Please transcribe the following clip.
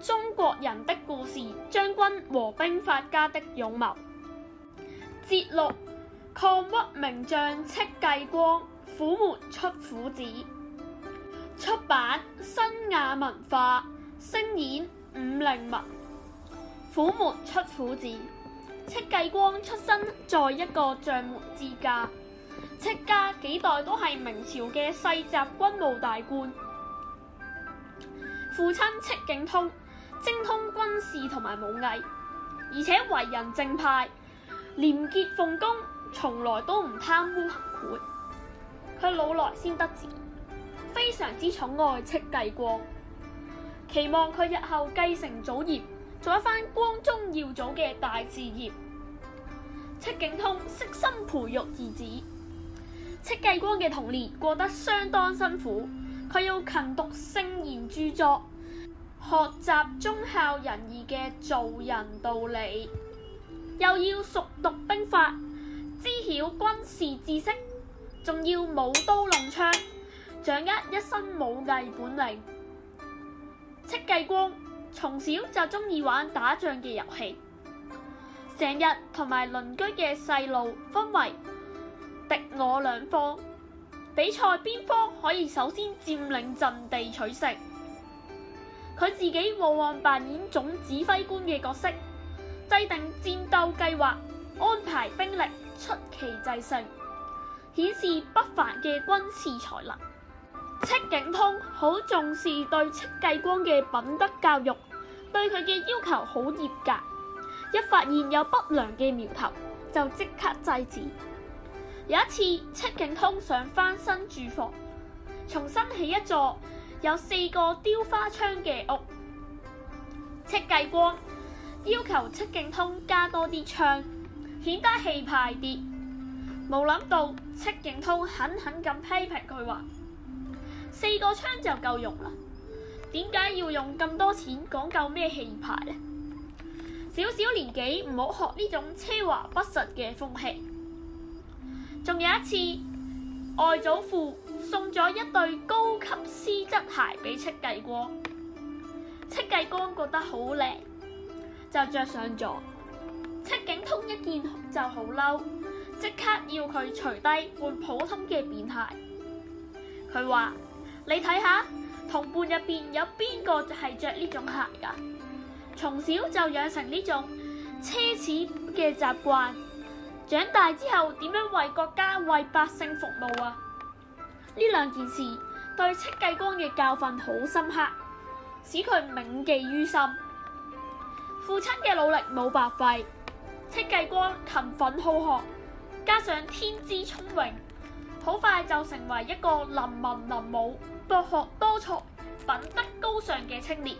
中國人的故事：將軍和兵法家的勇謀。節錄：抗倭名將戚繼光，虎門出虎子。出版：新亞文化。聲演：伍令聞。虎門出虎子，戚繼光出生在一個將門之家，戚家幾代都係明朝嘅世襲軍務大官。父親戚景通精通軍事同埋武藝，而且為人正派，廉潔奉公，從來都唔貪污行賄。佢老來先得志，非常之寵愛戚繼光，期望佢日後繼承祖業，做一番光宗耀祖嘅大事業。戚景通悉心培育兒子，戚繼光嘅童年過得相當辛苦，佢要勤讀聖賢著作。學習忠孝仁義嘅做人道理，又要熟讀兵法，知曉軍事知識，仲要舞刀弄槍，掌握一身武藝本領。戚繼光從小就中意玩打仗嘅遊戲，成日同埋鄰居嘅細路分為敵我兩方，比賽邊方可以首先佔領陣地取勝。佢自己往往扮演總指揮官嘅角色，制定戰鬥計劃，安排兵力，出奇制勝，顯示不凡嘅軍事才能。戚景通好重視對戚繼光嘅品德教育，對佢嘅要求好嚴格，一發現有不良嘅苗頭就即刻制止。有一次，戚景通想翻新住房，重新起一座。有四個雕花窗嘅屋，戚繼光要求戚景通加多啲窗，顯得氣派啲。冇諗到戚景通狠狠咁批評佢話：四個窗就夠用啦，點解要用咁多錢講究咩氣派咧？小小年紀唔好學呢種奢華不實嘅風氣。仲有一次，外祖父。送咗一對高級絲質鞋俾戚繼光。戚繼光覺得好靚，就着上咗。戚景通一見就好嬲，即刻要佢除低換普通嘅便鞋。佢話：你睇下，同伴入邊有邊個係着呢種鞋噶？從小就養成呢種奢侈嘅習慣，長大之後點樣為國家、為百姓服務啊？呢兩件事對戚繼光嘅教訓好深刻，使佢銘記於心。父親嘅努力冇白費，戚繼光勤奮好學，加上天資聰穎，好快就成為一個能文能武、博學多才、品德高尚嘅青年。